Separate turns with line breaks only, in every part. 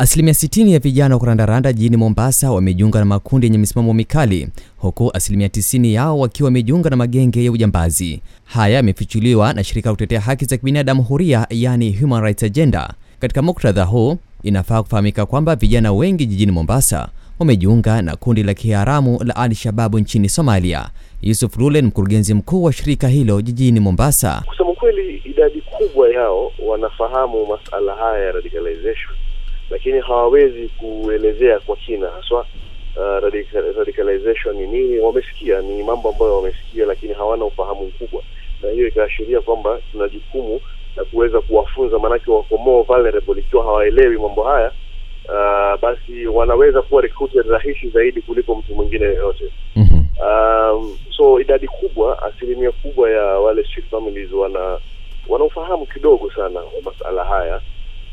Asilimia 60 ya vijana wa kurandaranda jijini Mombasa wamejiunga na makundi yenye misimamo mikali, huku asilimia 90 yao wakiwa wamejiunga na magenge ya ujambazi. Haya yamefichuliwa na shirika la kutetea haki za kibinadamu Huria, yani Human Rights Agenda. Katika muktadha huu, inafaa kufahamika kwamba vijana wengi jijini Mombasa wamejiunga na kundi la kiharamu la Al-Shababu nchini Somalia. Yusuf Lule ni mkurugenzi mkuu wa shirika hilo jijini Mombasa.
Kusema kweli, idadi kubwa yao wanafahamu masala haya ya radicalization lakini hawawezi kuelezea kwa kina haswa uh, radicalization ni nini. Wamesikia, ni mambo ambayo wamesikia, lakini hawana ufahamu mkubwa, na hiyo ikaashiria kwamba tuna jukumu na kuweza kuwafunza, maanake wako more vulnerable. Ikiwa hawaelewi mambo haya uh, basi wanaweza kuwa recruited rahisi zaidi kuliko mtu mwingine yoyote. mm -hmm. Um, so idadi kubwa, asilimia kubwa ya wale street families wana wana ufahamu kidogo sana wa masala haya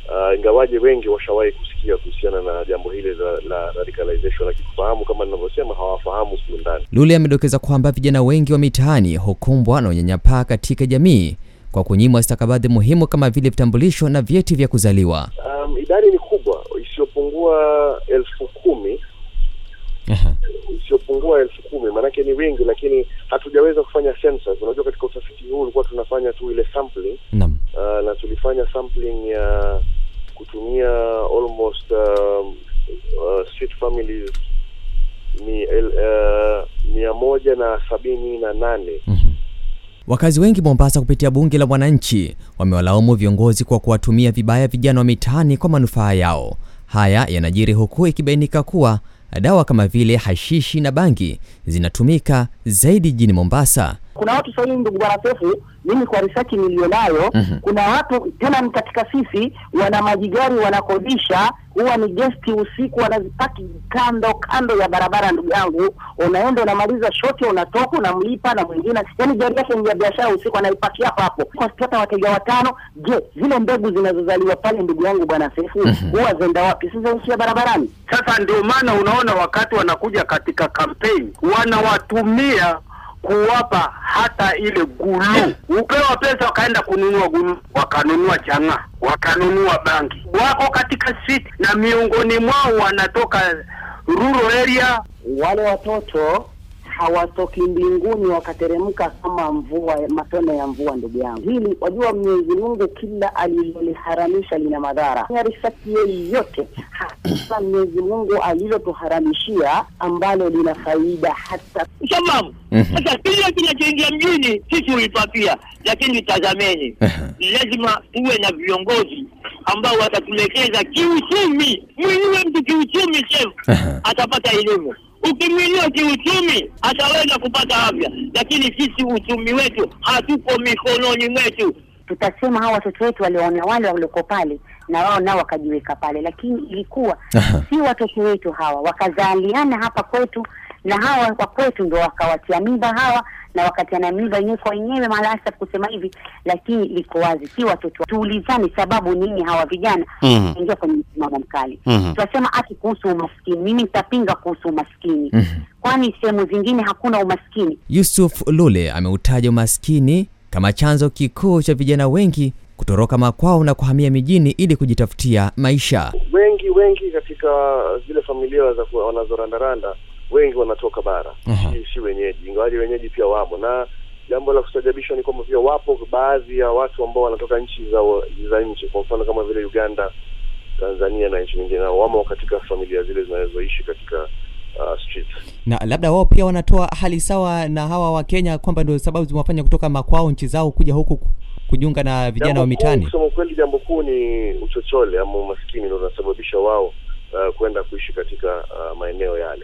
uh, ingawaje wengi washawahi kusikia kuhusiana na jambo hili la, la radicalization, lakini kufahamu kama ninavyosema, hawafahamu kiundani.
Lule amedokeza kwamba vijana wengi wa mitaani hukumbwa na unyanyapaa katika jamii kwa kunyimwa stakabadhi muhimu kama vile vitambulisho na vyeti vya kuzaliwa.
Um, idadi ni kubwa isiyopungua elfu kumi isiyopungua elfu kumi maanake ni wengi, lakini hatujaweza kufanya census. Unajua, katika utafiti huu ulikuwa tunafanya tu ile sampling. Naam. Uh, na tulifanya sampling ya uh, sabini na nane.
mm -hmm. Wakazi wengi Mombasa kupitia bunge la wananchi wamewalaumu viongozi kwa kuwatumia vibaya vijana wa mitaani kwa manufaa yao. Haya yanajiri huku ikibainika kuwa dawa kama vile hashishi na bangi zinatumika zaidi jijini Mombasa.
Kuna watu sasa hivi, ndugu bwana Sefu, mimi kwa risaki niliyonayo, mm -hmm. kuna watu tena katika sisi wana majigari wanakodisha huwa ni gesti usiku, wanazipaki kando kando ya barabara. Ndugu yangu, unaenda unamaliza shoti, unatoka unamlipa na mwingine, yani gari yake ya biashara usiku anaipakia hapo kwa sipata wateja watano. Je, zile mbegu zinazozaliwa pale, ndugu yangu bwana Sefu, mhm. huwa zenda wapi? Sasa ya barabarani. Sasa ndio maana unaona wakati wanakuja katika kampeni wanawatumia kuwapa hata ile gulu, upewa pesa wakaenda kununua gulu, wakanunua changa wakanunua bangi, wako katika street na miongoni mwao wanatoka rural area. Wale watoto hawatoki mbinguni wakateremka kama mvua, matone ya mvua. Ndugu yangu, hili wajua, Mwenyezi Mungu kila aliloliharamisha lina madhara. Risasi yoyote hasa Mwenyezi Mungu alilotuharamishia ambalo lina faida hata sababu mhm. sasa kile kinachoingia mjini sisi hulipatia, lakini tazameni, mhm. lazima tuwe na viongozi ambao watatuelekeza kiuchumi. Mwinuwe mtu kiuchumi, chef mhm. atapata elimu ukimwinua kiuchumi ataweza kupata afya, lakini sisi uchumi wetu hatuko mikononi mwetu. Tutasema hawa watoto wetu waliwaona wale walioko pale na wao nao wakajiweka pale, lakini ilikuwa si watoto wetu hawa, wakazaliana hapa kwetu na hawa kwa kwetu ndo wakawatia mimba hawa na wakatiana mimba yenyewe kwa wenyewe, hasa kusema hivi, lakini liko wazi, si watoto. Tuulizane sababu nini hawa vijana mm -hmm. ingia kwenye msimamo mkali mm -hmm. tunasema ati kuhusu umaskini, mimi nitapinga kuhusu umaskini mm -hmm. kwani sehemu zingine hakuna umaskini?
Yusuf Lule ameutaja umaskini kama chanzo kikuu cha vijana wengi kutoroka makwao na kuhamia mijini ili kujitafutia maisha.
Wengi wengi katika zile familia wanazorandaranda wengi wanatoka bara, si wenyeji, ingawaji wenyeji pia wamo. Na jambo la kustajabishwa ni kwamba pia wapo baadhi ya watu ambao wanatoka nchi za za nje, kwa mfano kama vile Uganda, Tanzania na nchi nyingine, nao wamo katika familia zile zinazoishi katika uh,
Na labda wao pia wanatoa hali sawa na hawa wa Kenya kwamba ndio sababu zimewafanya kutoka makwao nchi zao kuja huku kujiunga na vijana wa mitani Kusema
kweli, jambo kuu ni uchochole ama umaskini ndio unasababisha wao uh, kwenda kuishi katika uh, maeneo yale.